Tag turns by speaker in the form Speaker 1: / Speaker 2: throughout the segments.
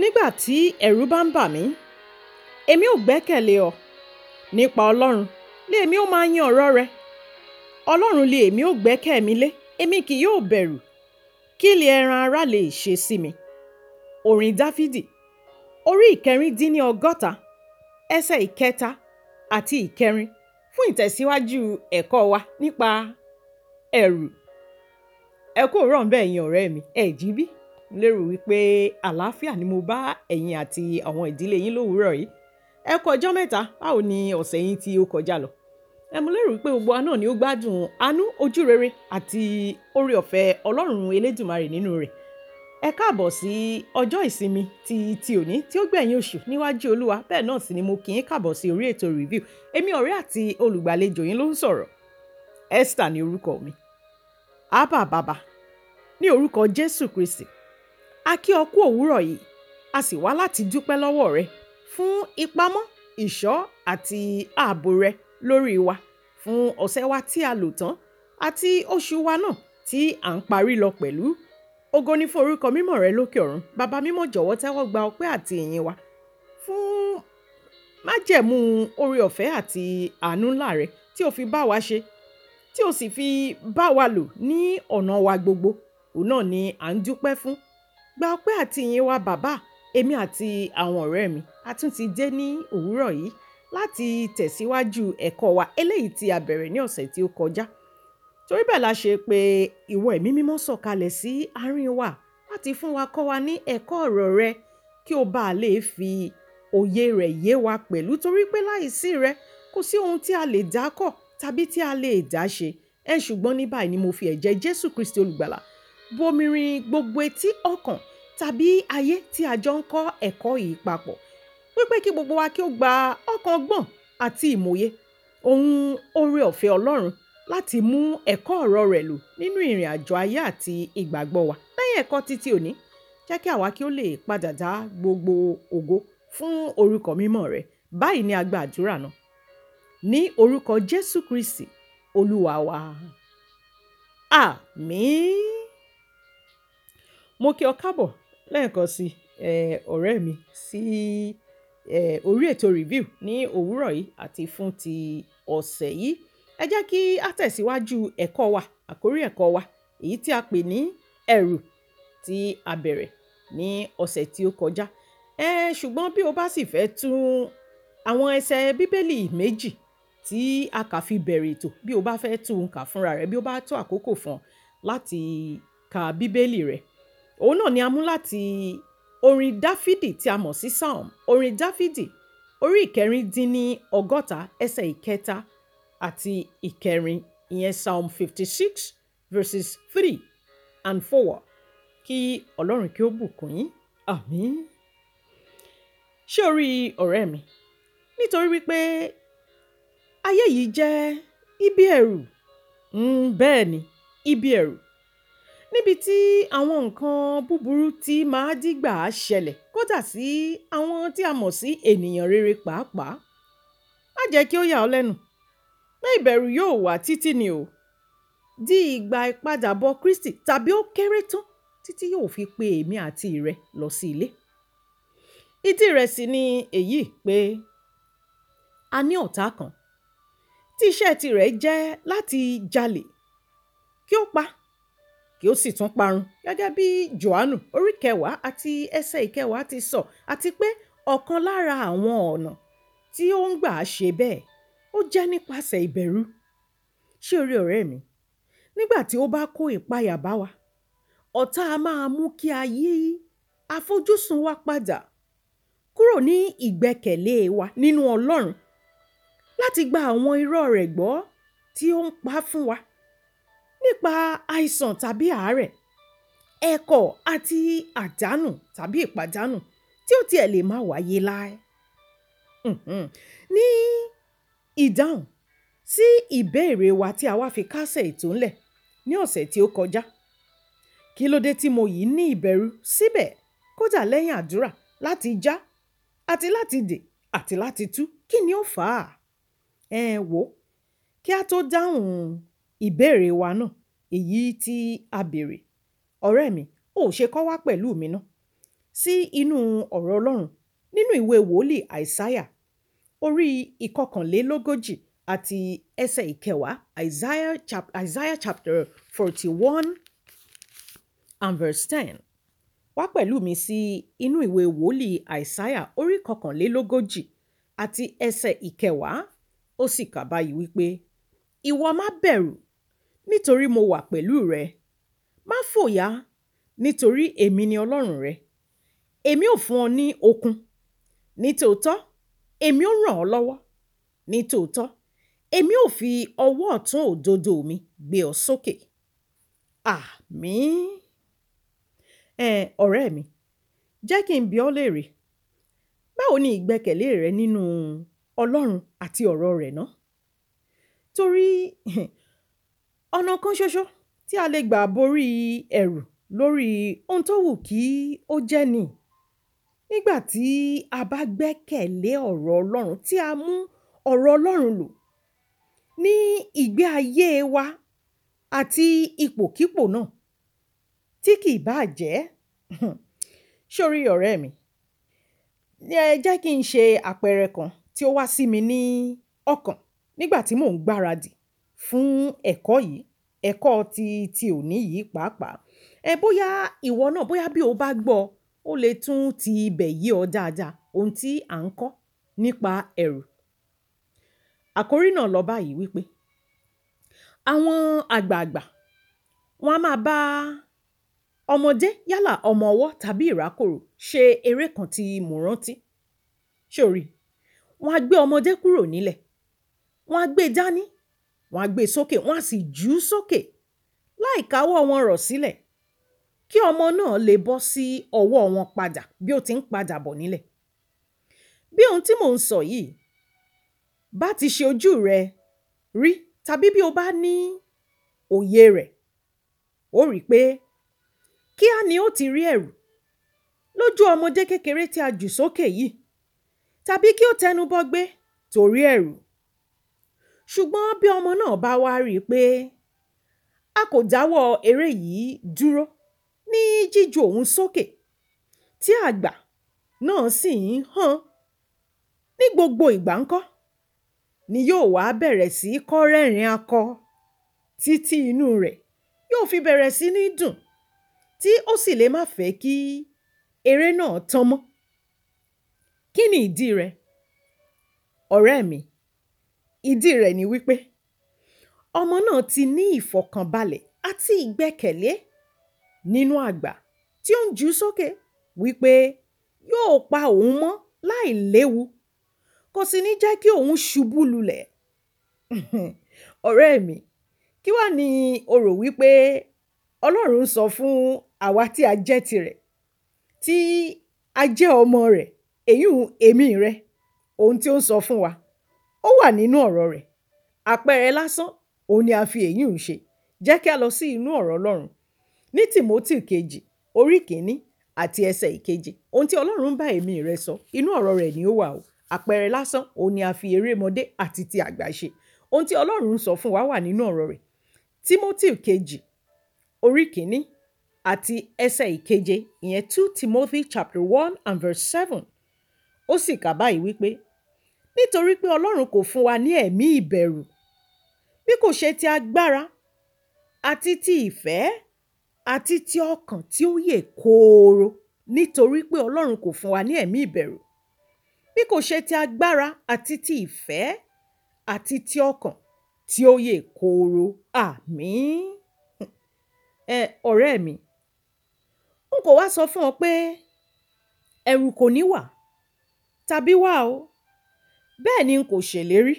Speaker 1: Nígbà tí ẹ̀rù bá ń bà mí, èmi ò gbẹ́kẹ̀lé ọ. Nípa Ọlọ́run, lé èmi ó máa yin ọ̀rọ̀ rẹ. Ọlọ́run lé èmi ó gbẹ́kẹ̀ mi lé, èmi kì yóò bẹ̀rù. Kí lè ẹran ara lè ṣe sí mi? Orin Dáfídì, orí ìkẹrin dín ní ọgọ́ta, ẹsẹ̀ ìkẹta àti ìkẹrin fún ìtẹ̀síwájú ẹ̀kọ́ wa nípa ẹ̀rù. Ẹ kú òwúrọ̀ ńbẹ̀ ẹ̀yin ọ̀rẹ́ mi, ẹ jí bí? lérò wípé àlàáfíà ni mo bá ẹ̀yin àti àwọn ìdílé yín lówùúrọ̀ yìí ẹ kọ ọjọ́ mẹ́ta báwo ni ọ̀sẹ̀ yín tí ó kọjá lọ ẹ mo lérò wípé gbogbo wa ni ó gbádùn àánú ojú rere àti oore ọ̀fẹ́ ọlọ́run elédùnmarè nínú rẹ̀ ẹ káàbọ̀ sí ọjọ́ ìsinmi ti ti òní tí ó gbẹ̀yìn oṣù níwájú olúwa bẹ́ẹ̀ náà sì ni mo kì í káàbọ̀ sí orí ètò review èmi ọ̀rẹ́ àti olùgbàlejò yín ló ń sọ̀rọ̀ Esther ni orúkọ mi abba bàbá ní orúkọ Jésù Kristi a kí ọ kú òwúrọ̀ yìí a sì wá láti dúpẹ́ lọ́wọ́ rẹ fún ìpamọ́ ìṣọ́ àti ààbò rẹ lórí wa fún ọ̀sẹ̀ wa tí a lò tán àti oṣù wa náà tí à ń parí lọ pẹ̀lú ògo ni fún orúkọ mímọ́ rẹ lókè ọ̀run bàbá mímọ́ jọ̀wọ́ tẹ́wọ́ gba ọpẹ́ àti ìyìn wa fún májẹ̀mú oore ọ̀fẹ́ àti àánú ńlá rẹ tí o fi bá wa ṣe tí o sì fi bá wa lò ní ọ̀nà wa gbogbo òun náà ni à ń dúpẹ́ fún Gba ọpẹ́ àti ìyìn wa bàbá, èmi àti àwọn ọ̀rẹ́ mi. A tún ti dé ní òwúrọ̀ yìí láti tẹ̀síwájú ẹ̀kọ́ wa eléyìí tí a bẹ̀rẹ̀ ní ọ̀sẹ̀ tí ó kọjá. Torí bẹ́ẹ̀ la ṣe pé ìwọ ẹ̀mí mímọ́ sọ̀kalẹ̀ sí àárín wa láti fún wa kọ́ wa ní ẹ̀kọ́ ọ̀rọ̀ rẹ kí o bá lè fi òye rẹ̀ yé wa pẹ̀lú torí pé láìsí rẹ kò sí ohun tí a lè dákọ̀ tàbí tí a lè dá ṣe. Ẹ ṣùgbọ́n ní báyìí ni mo fi ẹ̀jẹ̀ Jésù Kristi olùgbàlà bomirin gbogbo etí ọkàn tàbí ayé tí a jọ ń kọ́ ẹ̀kọ́ yìí papọ̀ wípé kí gbogbo wa kí ó gba ọkàn ọgbọ́n àti ìmòye ohun oore ọ̀fẹ́ ọlọ́run láti mú ẹ̀kọ́ ọ̀rọ̀ rẹ̀ lò nínú ìrìn àjò ayé àti ìgbàgbọ́ wa lẹ́yìn ẹ̀kọ́ títí òní jẹ́ kí àwa kí ó lè padà dá gbogbo ògo fún orúkọ mímọ́ rẹ̀ báyìí ni a gba àdúrà náà ní orúkọ jésù kristi olúwa wa àmín. Ah, Mo kí ọ káàbọ̀ lẹ́ẹ̀kan sí, eh, ọ̀rẹ́ mi sí, eh, orí ètò review ní òwúrọ̀ yìí àti fún ti ọ̀sẹ̀ yìí. Ẹ jẹ́ kí a tẹ̀síwájú ẹ̀kọ́ wa, àkórí ẹ̀kọ́ wa, èyí tí a pè ní ẹ̀rù tí a bẹ̀rẹ̀ ní ọ̀sẹ̀ tí ó kọjá. Eh, ṣùgbọ́n bí o bá sì fẹ́ tún àwọn ẹsẹ bíbélì méjì tí a kà fi bẹ̀rẹ̀ ètò, bí o bá fẹ́ tún kà fúnra rẹ, bí o bá tó àkókò fún ọ láti ka bíbélì rẹ, òun náà ni a mú láti orin dáfídì tí a mọ̀ sí psalm orin dáfídì orí ìkẹrin dín ní ọgọ́ta ẹsẹ̀ ìkẹta àti ìkẹrin ìyẹn psalm fifty six verses three and four kí ọlọ́run kí ó bùkún yín àmín. ṣé o rí ọ̀rẹ́ mi nítorí wípé ayé yìí jẹ́ ibi ẹ̀rù hmm, bẹ́ẹ̀ ni ibi ẹ̀rù níbi tí àwọn nǹkan búburú ti máa dìgbà ṣẹlẹ̀ kódà sí àwọn tí a mọ̀ sí ènìyàn rere pàápàá. má jẹ́ kí ó yà ọ́ lẹ́nu pé ìbẹ̀rù yóò wà títí ni o di ìgbà ìpadàbọ̀ Kristi tàbí ó kéré tán títí yóò fi pe èmi àti rẹ lọ sí ilé. ìdí rẹ̀ sì ni èyí pé a ní ọ̀tá kan tí iṣẹ́ tirẹ̀ jẹ́ láti jalè kí ó pa yóò sì tún parun gẹ́gẹ́ bí Jòhánù orí kẹwàá àti ẹsẹ̀ ìkẹwàá ti sọ àti pé ọ̀kan lára àwọn ọ̀nà tí ó ń gbà ṣe bẹ́ẹ̀ ó jẹ́ nípasẹ̀ ìbẹ̀rù ṣé orí ọ̀rẹ́ mi nígbà tí ó bá kó ìpayà bá wa ọ̀tá a máa mú kí a yí àfojúsùn wa padà kúrò ní ìgbẹ́kẹ̀lé wa nínú Ọlọ́run láti gba àwọn irọ́ rẹ̀ gbọ́ tí ó ń pa fún wa nípa àìsàn tàbí àárẹ̀, ẹ̀kọ́ àti àdánù tàbí ìpàdánù tí ó tiẹ̀ lè máa wáyé láé. Ní ìdáhùn sí ìbéèrè wa tí a wá fi kásẹ̀ ètò ńlẹ̀ ní ọ̀sẹ̀ tí ó kọjá. Kí ló dé tí mo yìí ní ìbẹ̀rù síbẹ̀ kódà lẹ́yìn àdúrà láti já àti láti dè àti láti tú? Kí ni ó fà á? Ẹ wò kí a tó dáhùn ìbéèrè wa náà, èyí tí a bèèrè. Ọ̀rẹ́ mi, o ò ṣe kọ́ wá pẹ̀lú mi ná. Sí inú ọ̀rọ̀ Ọlọ́run nínú ìwé wòlíì Isaiah orí ìkọkànlélógójì àti ẹsẹ̀ ìkẹwàá Isaiah chap- Isaiah chapter forty one and verse ten. Wá pẹ̀lú mi sí inú ìwé wòlíì Isaiah orí ìkọkànlélógójì àti ẹsẹ̀ ìkẹwàá ó sì kà báyìí wípé, ìwọ má bẹ̀rù, nítorí mo wà pẹ̀lú rẹ. Má fòyà nítorí èmi ni Ọlọ́run rẹ. Èmi ó fún ọ ní okun. Ní tòótọ́, èmi ó ràn ọ́ lọ́wọ́. Ní tòótọ́, èmi ó fi ọwọ́ ọ̀tún òdodo mi gbé ọ sókè. Àmín. Ẹ ọ̀rẹ́ mi, jẹ́ kí n bi ọ́ léèrè. Báwo ni ìgbẹ́kẹ̀lé rẹ nínú Ọlọ́run àti ọ̀rọ̀ rẹ̀ náà? Torí Ọ̀nà kan ṣoṣo tí a lè gbà borí ẹ̀rù lórí ohun tó wù kí ó jẹ́ ni. Nígbà tí a bá gbẹ́kẹ̀lé ọ̀rọ̀ Ọlọ́run tí a mú ọ̀rọ̀ Ọlọ́run lò ní ìgbé ayé wa àti ipòkípò náà tí kì bá jẹ́. Sórí ọ̀rẹ́ mi, jẹ́ kí n ṣe àpẹẹrẹ kan tí ó wá sí mi ní ọkàn nígbà tí mò ń gbáradì fún ẹ̀kọ́ yìí, ẹ̀kọ́ ti, ti òní yìí pàápàá. Ẹ bóyá ìwọ náà, bóyá bí o bá gbọ́, ó lè tún ti ibẹ̀ yé ọ dáadáa ohun tí à ń kọ́ nípa ẹ̀rù. Àkórí náà lọ báyìí wípé àwọn àgbààgbà wọ́n á máa bá ọmọdé yálà ọmọ ọwọ́ tàbí ìrákòrò ṣe eré kan tí mo rántí. Ṣé o rí? gbé ọmọdé kúrò nílẹ̀, wọ́n á gbé e dání wọ́n á gbé e sókè wọ́n á sì jù ú sókè láì káwọ́ wọn rọ̀ sílẹ̀ kí ọmọ náà lè bọ́ sí ọwọ́ wọn padà bí ó ti ń padà bọ̀ nílẹ̀ bí ohun tí mò ń sọ yìí bá ti ṣe ojú rẹ rí tàbí bí o bá ní òye rẹ̀ ó rí i pé kíá ni ó ti rí ẹ̀rù lójú ọmọdé kékeré tí a jù sókè yìí tàbí kí ó tẹnubọ gbé torí ẹ̀rù ṣùgbọ́n bí ọmọ náà bá wá rí i pé a kò dáwọ́ eré yìí dúró ní jíju òun sókè tí àgbà náà sì ń hàn ní gbogbo ìgbà ńkọ́ ni yóò wá bẹ̀rẹ̀ sí í kọ́ rẹ́rìn akọ títí inú rẹ̀ yóò fi bẹ̀rẹ̀ sí ní dùn tí ó sì lè má fẹ́ kí eré náà tán mọ́. kí ni ìdí rẹ̀? ọ̀rẹ́ mi Ìdí rẹ̀ ni wípé ọmọ náà ti ní ìfọ̀kànbalẹ̀ àti ìgbẹ́kẹ̀lé nínú àgbà tí ó ń ju sókè wípé yóò pa òun mọ́ láìléwu, kò sì ní jẹ́ kí òun ṣubú lulẹ̀. Ọ̀rẹ́ mi, kí wá ni o rò wípé Ọlọ́run ń sọ fún àwa tí a jẹ́ tirẹ̀, tí a jẹ́ ọmọ rẹ̀, èyun èmi rẹ̀, ohun tí ó ń sọ fún wa Ó wà nínú ọ̀rọ̀ rẹ̀. Àpẹẹrẹ lásán, òun ni a fi èyí ń ṣe. Jẹ́ kí á lọ sí inú ọ̀rọ̀ Ọlọ́run. Ní Tìmótì kejì, orí kìíní àti ẹsẹ̀ ìkejì. Ohun tí Ọlọ́run bá èmi rẹ̀ sọ, inú ọ̀rọ̀ rẹ̀ ni ó wà o. Àpẹẹrẹ lásán, òun ni a fi erémọdé àti ti àgbà ṣe. Ohun tí Ọlọ́run ń sọ fún wa wà nínú ọ̀rọ̀ rẹ̀. Tìmótì kejì, orí kìíní àti ẹsẹ̀ ìkeje. Ìyẹn two Timothy chapter one and verse seven. Ó sì kà báyìí wípé, nítorí pé Ọlọ́run kò fún wa ní ẹ̀mí ìbẹ̀rù bí kò ṣe ti agbára àti ti ìfẹ́ àti ti ọkàn tí ó yè kooro nítorí pé Ọlọ́run kò fún wa ní ẹ̀mí ìbẹ̀rù bí kò ṣe ti agbára àti ti ìfẹ́ àti ti ọkàn tí ó yè kooro àmín. Ẹ ọ̀rẹ́ mi n kò wá sọ fún ọ pé ẹ̀rù kò ní wà tàbí wà o Bẹ́ẹ̀ ni n kò ṣèlérí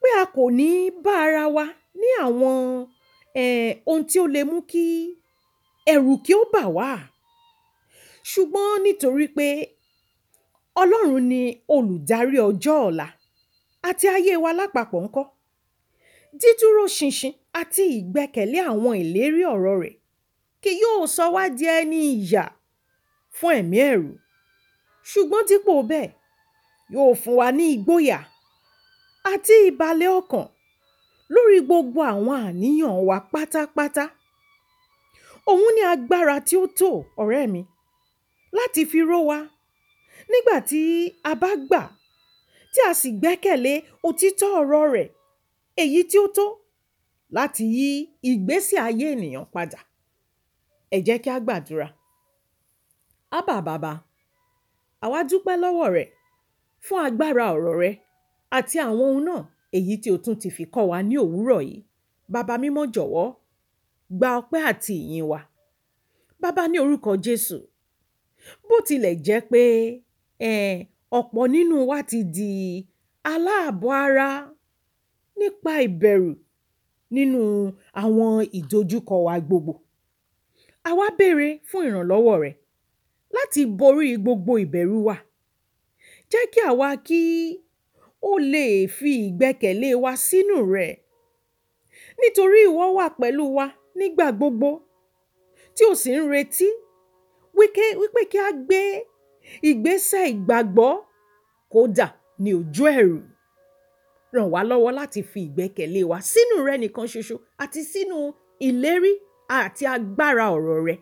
Speaker 1: pé a kò ní bá ara wa ní àwọn, ẹ́, ohun tí ó lè mú kí ẹ̀rù kí ó bà wá. Ṣùgbọ́n nítorí pé Ọlọ́run ni olùdarí ọjọ́ ọ̀la àti ayé wa lápapọ̀ ńkọ́. Dídúró ṣinṣin àti ìgbẹ́kẹ̀lé àwọn ìlérí ọ̀rọ̀ rẹ̀ kì yóò sọ wá di ẹni ìyà fún ẹ̀mí ẹ̀rù. Ṣùgbọ́n dípò bẹ́ẹ̀, yóò fún wa ní ìgboyà àti ìbàlẹ̀ ọkàn lórí gbogbo àwọn àníyàn wa pátápátá. Òun ní agbára tí ó tó ọ̀rẹ́ mi láti fi ró wa nígbà tí a bá gbà tí a sì gbẹ́kẹ̀lé òtítọ́ ọ̀rọ̀ rẹ̀ èyí tí ó tó láti yí ìgbésí ayé ènìyàn padà. Ẹ jẹ́ kí a gbàdúrà. Ábà bàbá, àwa dúpẹ́ lọ́wọ́ rẹ fún agbára ọ̀rọ̀ rẹ àti àwọn ohun náà èyí tí o tún ti fi kọ́ wa ní òwúrọ̀ yìí. Baba mímọ́ jọ̀wọ́, gba ọpẹ́ àti ìyìn wa. Baba ní orúkọ Jésù. Bó tilẹ̀ jẹ́ pé ẹ̀ ọ̀pọ̀ nínú wa ti di aláàbọ̀ ara nípa ìbẹ̀rù nínú àwọn ìdojúkọ wa gbogbo. A wá béèrè fún ìrànlọ́wọ́ rẹ láti borí gbogbo ìbẹ̀rù wa Jẹ́ kí àwa kí ó lè fi ìgbẹ́kẹ̀lé wa sínú rẹ. Nítorí ìwọ wà pẹ̀lú wa nígbà gbogbo tí ó sì ń retí wípé kí a gbé ìgbésẹ̀ ìgbàgbọ́ kó dà ní ojú ẹ̀rù. Ràn wá lọ́wọ́ láti fi ìgbẹ́kẹ̀lé wa sínú rẹ nìkan ṣoṣo àti sínú ìlérí àti agbára ọ̀rọ̀ rẹ.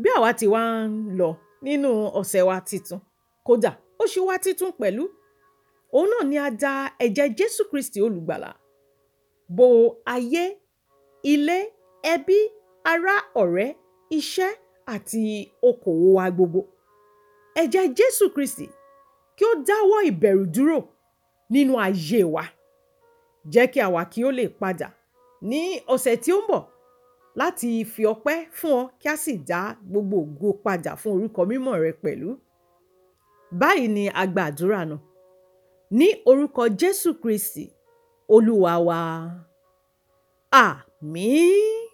Speaker 1: Bí àwa ti wá ń lọ nínú ọ̀sẹ̀ wa titun, kó ó ṣe wá títún pẹ̀lú òun náà ni a da ẹ̀jẹ̀ Jésù Kristi olùgbàlà bo ayé ilé ẹbí ará ọ̀rẹ́ iṣẹ́ àti okòwò wa gbogbo ẹ̀jẹ̀ Jésù Kristi kí ó dáwọ́ ìbẹ̀rù dúró nínú ayé wa jẹ́ kí àwa kí ó lè padà ní ọ̀sẹ̀ tí ó ń bọ̀ láti fi ọpẹ́ fún ọ kí a sì dá gbogbo ògo padà fún orúkọ mímọ́ rẹ pẹ̀lú. Báyìí ni a gba àdúrà náà. Ní orúkọ Jésù Kristi, Olúwa wa. Àmín.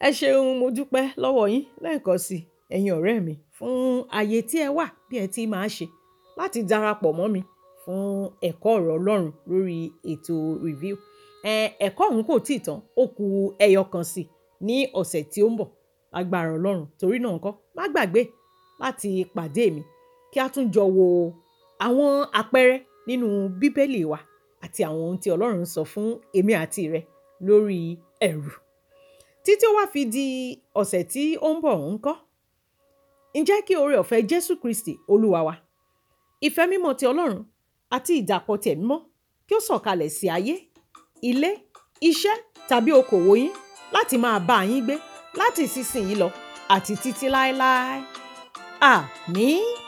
Speaker 1: Ẹ ṣeun mo dúpẹ́ lọ́wọ́ yín lẹ́ẹ̀kan sí ẹ̀yin ọ̀rẹ́ mi fún ààyè tí ẹ wà bí ẹ ti máa ṣe láti darapọ̀ mọ́ mi fún ẹ̀kọ́ ọ̀rọ̀ Ọlọ́run lórí ètò review. Ẹ ẹ̀kọ́ ọ̀hún kò tíì tán, ó ku ẹyọ kan sí ní ọ̀sẹ̀ tí ó ń bọ̀. Lágbára Ọlọ́run torí náà ńkọ́, má gbàgbé láti pàdé mi kí a tún jọ wo àwọn àpẹẹrẹ nínú bíbélì wa àti àwọn ohun tí Ọlọ́run sọ fún èmi àti rẹ lórí ẹ̀rù. Títí ó wá fi di ọ̀sẹ̀ tí ó ń bọ̀ ń kọ́. Ǹjẹ́ kí oore ọ̀fẹ́ Jésù Kristi Olúwa wa, ìfẹ́ mímọ́ ti Ọlọ́run àti ìdàpọ̀ tẹ̀mí mọ́ kí ó sọ̀kalẹ̀ sí ayé, ilé, iṣẹ́ tàbí okòwò yín láti máa bá yín gbé láti ìsinsìnyí lọ àti títí láéláé. Àmín. Ah,